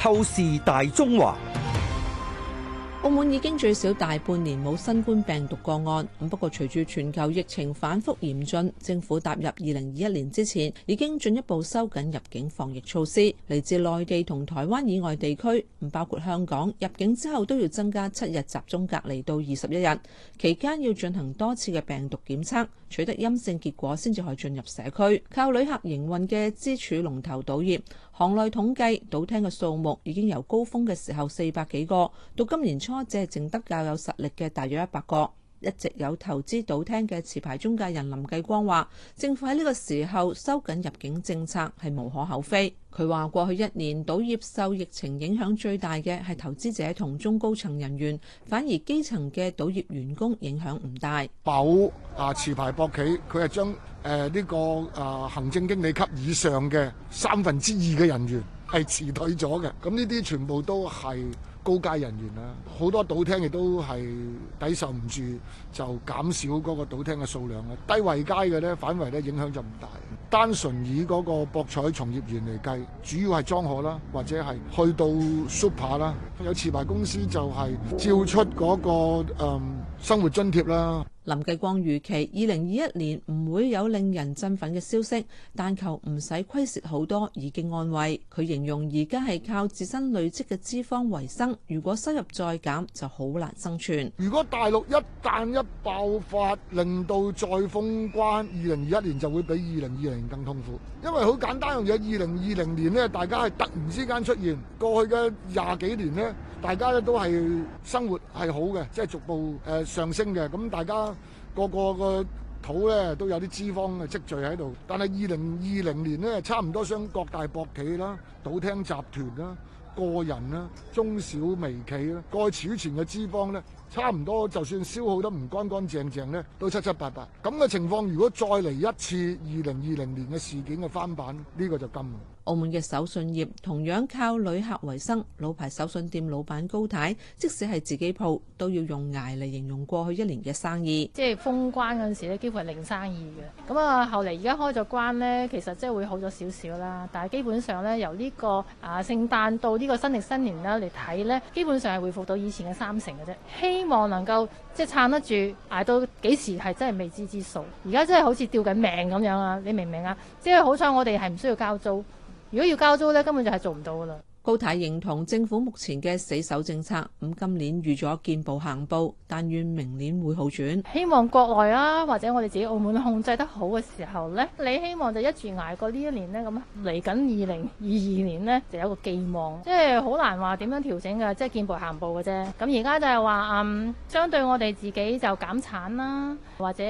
透視大中華。澳門已經最少大半年冇新冠病毒個案，咁不過隨住全球疫情反覆嚴峻，政府踏入二零二一年之前，已經進一步收緊入境防疫措施。嚟自內地同台灣以外地區，唔包括香港，入境之後都要增加七日集中隔離到二十一日，期間要進行多次嘅病毒檢測，取得陰性結果先至可以進入社區。靠旅客營運嘅支柱龍頭賭業，行內統計，賭廳嘅數目已經由高峰嘅時候四百幾個，到今年多，即係淨得較有實力嘅大約一百個，一直有投資賭廳嘅持牌中介人林繼光話政府喺呢個時候收緊入境政策係無可厚非。佢話過去一年賭業受疫情影響最大嘅係投資者同中高層人員，反而基層嘅賭業員工影響唔大。保啊，持牌博企佢係將誒呢個啊行政經理級以上嘅三分之二嘅人員。係辭退咗嘅，咁呢啲全部都係高階人員啦，好多賭廳亦都係抵受唔住，就減少嗰個賭廳嘅數量嘅。低位階嘅呢，反為呢影響就唔大。單純以嗰個博彩從業員嚟計，主要係莊荷啦，或者係去到 Super 啦，有持牌公司就係照出嗰、個、嗯、生活津貼啦。林繼光預期二零二一年唔會有令人振奮嘅消息，但求唔使虧蝕好多已經安慰。佢形容而家係靠自身累積嘅脂肪維生，如果收入再減就好難生存。如果大陸一旦一爆發，令到再封關，二零二一年就會比二零二零年更痛苦。因為好簡單樣嘢，二零二零年呢大家係突然之間出現，過去嘅廿幾年呢，大家呢都係生活係好嘅，即係逐步誒上升嘅，咁大家。個個個肚咧都有啲脂肪嘅積聚喺度，但係二零二零年呢，差唔多將各大博企啦、賭廳集團啦、個人啦、中小微企啦，過去儲存嘅脂肪呢，差唔多就算消耗得唔乾乾淨淨呢，都七七八八。咁嘅情況，如果再嚟一次二零二零年嘅事件嘅翻版，呢、呢個就金。澳門嘅手信業同樣靠旅客為生，老牌手信店老闆高太，即使係自己鋪，都要用捱嚟形容過去一年嘅生意。即係封關嗰陣時咧，幾乎係零生意嘅。咁啊，後嚟而家開咗關咧，其實即係會好咗少少啦。但係基本上咧，由呢個啊聖誕到呢個新曆新年啦嚟睇咧，基本上係回復到以前嘅三成嘅啫。希望能夠即係撐得住，捱到幾時係真係未知之數。而家真係好似吊緊命咁樣啊！你明唔明啊？即係好彩我哋係唔需要交租。如果要交租咧，根本就係做唔到噶啦。高太認同政府目前嘅死守政策，咁今年預咗見步行步，但願明年會好轉。希望國內啊，或者我哋自己澳門控制得好嘅時候呢， 你希望就一住挨過呢一年呢。咁嚟緊二零二二年呢，就有個寄望，即係好難話點樣調整嘅，即係見步行步嘅啫。咁而家就係話，嗯，相對我哋自己就減產啦，或者。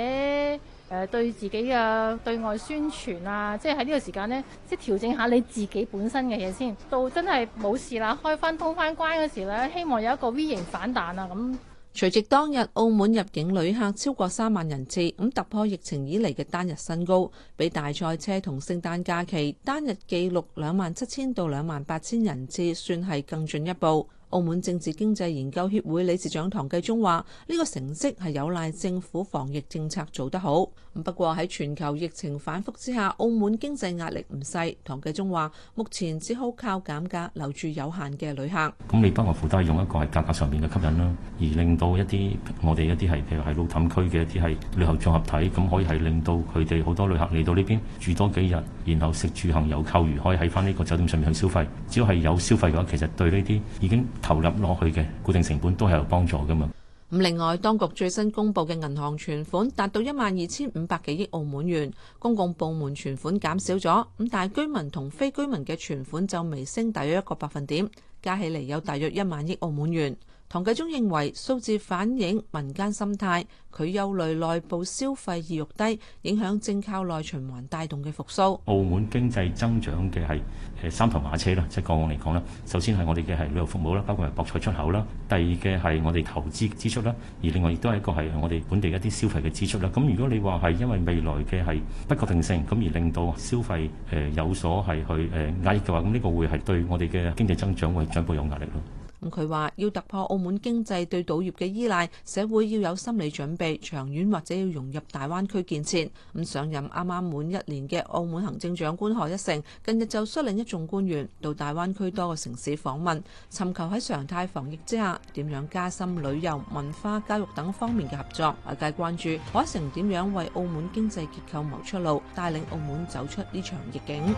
誒對自己嘅、啊、對外宣傳啊，即係喺呢個時間呢，即係調整下你自己本身嘅嘢先。到真係冇事啦，開翻通翻關嗰時呢，希望有一個 V 型反彈啊！咁隨即當日澳門入境旅客超過三萬人次，咁突破疫情以嚟嘅單日新高，比大賽車同聖誕假期單日記錄兩萬七千到兩萬八千人次，算係更進一步。澳門政治經濟研究協會理事長唐繼宗話：呢個成績係有賴政府防疫政策做得好。不過喺全球疫情反復之下，澳門經濟壓力唔細。唐繼宗話：目前只好靠減價留住有限嘅旅客。咁你不外乎都係用一個係價格上面嘅吸引啦，而令到一啲我哋一啲係譬如係路氹區嘅一啲係旅遊綜合體，咁可以係令到佢哋好多旅客嚟到呢邊住多幾日，然後食住行遊購娛可以喺返呢個酒店上面去消費。只要係有消費嘅話，其實對呢啲已經。投入落去嘅固定成本都係有幫助噶嘛。咁另外，當局最新公布嘅銀行存款達到一萬二千五百幾億澳門元，公共部門存款減少咗，咁但係居民同非居民嘅存款就微升大約一個百分點，加起嚟，有大約一萬億澳門元。唐繼宗認為數字反映民間心態，佢憂慮內部消費意欲低，影響正靠內循環帶動嘅復甦。澳門經濟增長嘅係誒三頭馬車啦，即係個案嚟講啦。首先係我哋嘅係旅遊服務啦，包括係博彩出口啦；第二嘅係我哋投資支出啦；而另外亦都係一個係我哋本地一啲消費嘅支出啦。咁如果你話係因為未來嘅係不確定性，咁而令到消費誒有所係去誒壓抑嘅話，咁、這、呢個會係對我哋嘅經濟增長會進一步有壓力咯。咁佢話要突破澳門經濟對賭業嘅依賴，社會要有心理準備，長遠或者要融入大灣區建設。咁上任啱啱滿一年嘅澳門行政長官何一成近日就率領一眾官員到大灣區多個城市訪問，尋求喺常態防疫之下點樣加深旅遊、文化、教育等方面嘅合作。外界關注何一成點樣為澳門經濟結構謀出路，帶領澳門走出呢場逆境。